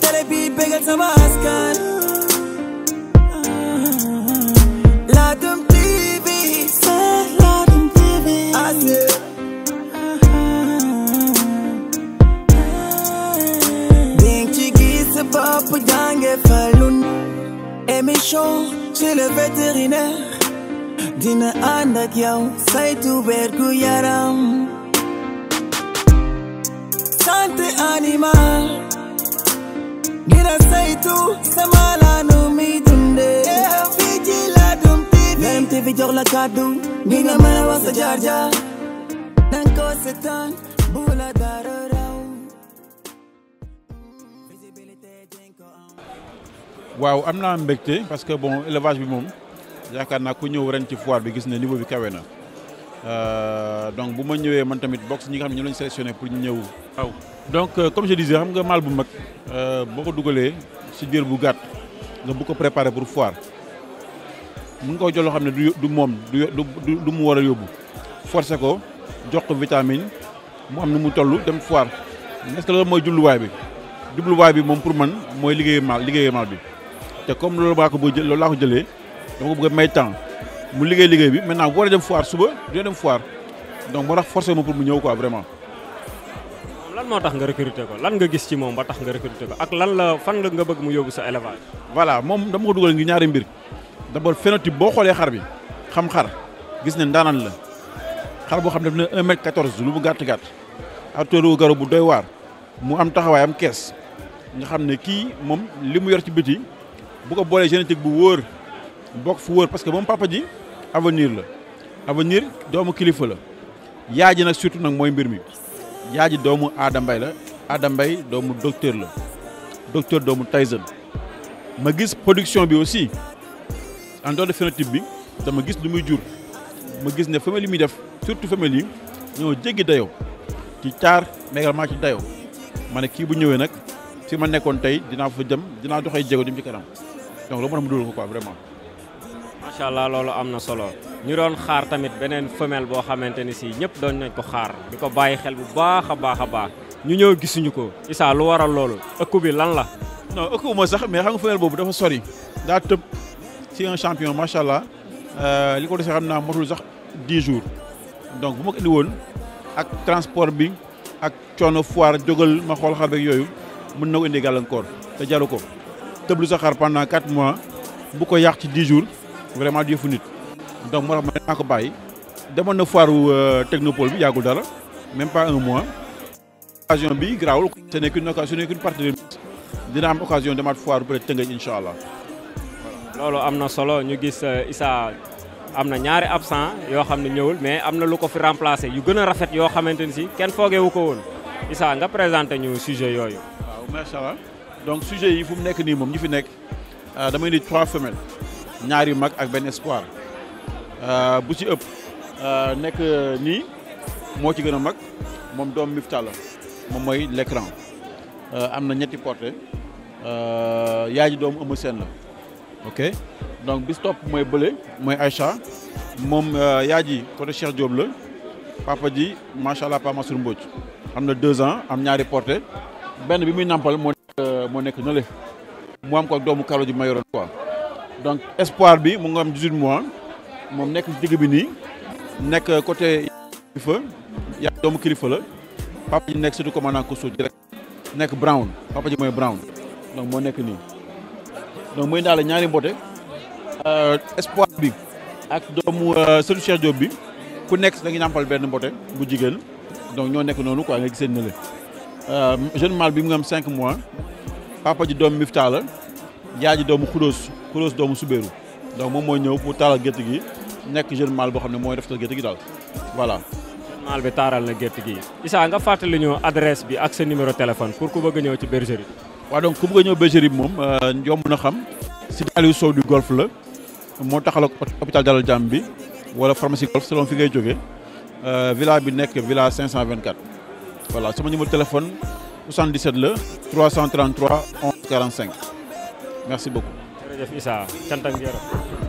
télé bi bégal sama askan Ladoum TV c'est Ladoum TV ding ci gis sa bopp falun émission chez le vétérinaire dina ànd ak yow saytu wér animal moytu sama waaw am naa mbégte parce que bon élevage bi moom yaakaar naa ku ñëw ren ci foire bi gis ne niveau bi kawe na euh, donc bu ma ñëwee man tamit bokk ñi nga xam ne ñu lañu sélectionné pour ñëw waaw donc euh, comme je disais xam nga maal bu mag euh, boo ko dugalee si diir bu gàtt nga bu ko préparer pour foire mun nga ko jox loo xam ne du du moom du du mu war a yóbbu forcer ko jox ko vitamine mu am ni mu toll dem foire est loolu mooy jubluwaay bi jubluwaay bi moom pour man mooy liggéeyu maal liggéeyu maal bi te comme loolu laa ko bëgg loolu laa ko jëlee dama ko bëgg may temps mu liggéey liggéey bi maintenant bu war a dem foire suba dina dem foire donc moo tax ma pour ñëw quoi vraiment. lan moo tax nga recruter ko lan nga gis ci moom ba tax nga recruter ko ak lan la fan la nga bëgg mu yóbbu sa élevage. voilà moom dama ko dugal ngi ñaari mbir d'abord phénotype boo xoolee xar bi xam xar gis ne ndaanaan la xar boo xam ne daf ne 1 mètre 14 lu mu gàtt gàtt atoru garo bu doy waar mu am taxawaay am kees nga xam ne kii moom li mu yor ci biti bu ko boolee génétique bu wóor bokk fu wóor parce que moom papa ji avenir la avenir doomu kilifa la ya ji nag surtout mbir mi. yaa ji doomu Aada Mbaye la Aada Mbaye doomu docteur la docteur doomu Tyson ma gis production bi aussi en dehors de bi dama gis lu muy jur ma gis ne famille yi muy def surtout famille ñëw ñoo jéggi dayoo ci taar mais également ci dayoo ma ne kii bu ñëwee nag fi ma nekkoon tey dinaa fa jëm dinaa doxee jéego jëm ci kanam donc loolu moo mu dugal ko quoi vraiment. macha allah loolu am na solo. ñu doon xaar tamit beneen femelle boo xamante ni si ñëpp doon nañ ko xaar di ko bàyyi xel bu baax baaxa baax a baax ñu ñëw gisuñu ko Issa lu waral loolu ëkku bi lan la. non ëkku ma sax mais xam nga femelle boobu dafa sori daa tëb ci un champion macha allah euh, li ko dese xam naa motul sax 10 jour donc bu ma ko indi woon ak transport bi ak coono foire jógal ma xool xar yooyu mën na ko indi gàllankoor te jaru ko tëb lu sa xar pendant 4 mois bu ko yàq ci 10 jours vraiment du donc moo tax ma naa ko bàyyi demoon na foiru euh, technopole bi yàggul dala même pas un mois occasion bi garaawul ce n'est qu'une occasion ce n'est qu'une partie dina am occasion demaat foiru peut être tëngëj incha allah loolu am na solo ñu gis euh, Issa am na ñaari absent yoo xam ne ñëwul mais am na lu ko fi remplacé yu gën a rafet yoo xamante ni si kenn foogeewu ko woon Issa nga présenté ñu sujet yooyu waaw macha allah donc sujet yi fu mu nekk nii moom ñu fi nekk euh, damay ni trois femelles ñaar mag ak benn espoir Euh, bu ci ëpp euh, nekk euh, nii moo ci gën a mag moom doom Mifta la moom mooy l'écran am na ñetti porté yaay ji doomu Eumeu Sène la ok donc bis topp mooy bële mooy Aïcha moom yaay ji côté Cheikh Diop la papa ji macha allah Pa Massour am na deux ans am ñaari porté benn bi muy nampal moo nekk moo nekk nële mu am ko doomu karo ji ma yoroon donc espoir bi mu nga am 18 mois moom nekk ci bi nii nekk côté kilifa doomu kilifa la papa ji nekk surtout commandant Kosso direct nekk brown papa ji mooy brown donc moo nekk nii donc mooy daal ñaari mbote euh, espoir bi ak doomu euh, sëriñ Cheikh Diop bi ku nekk da nga nàmpal benn mbote bu jigéen donc ñoo nekk noonu quoi nga giseen ne la euh, jeune mâle bi mu ngi am cinq mois papa ji doomu Mifta la yaay ji doomu Khoudoss Khoudoss doomu Soubérou donc moom mooy ñëw pour taalal gerte gi nekk jeune mâle boo xam ne mooy rafetal gerte gi daal voilà. maal bi taaral na gerte gi Issa nga fàttali ñu adresse bi ak sa numéro téléphone pour ku bëgg a ñëw ci bergerie. waaw donc ku bëgg ñëw bergerie moom euh, yomb na xam si Aliou Sow du golf la moo taxal ak hôpital Dalal Jàmm bi wala pharmacie golf selon fi ngay jógee euh, villa bi nekk villa 524. voilà sama numéro téléphone 77 la 333 11 45 merci beaucoup. jërëjëf Issa cant ak